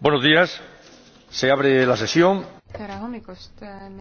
buenos días se abre la sesión. tere hommikust!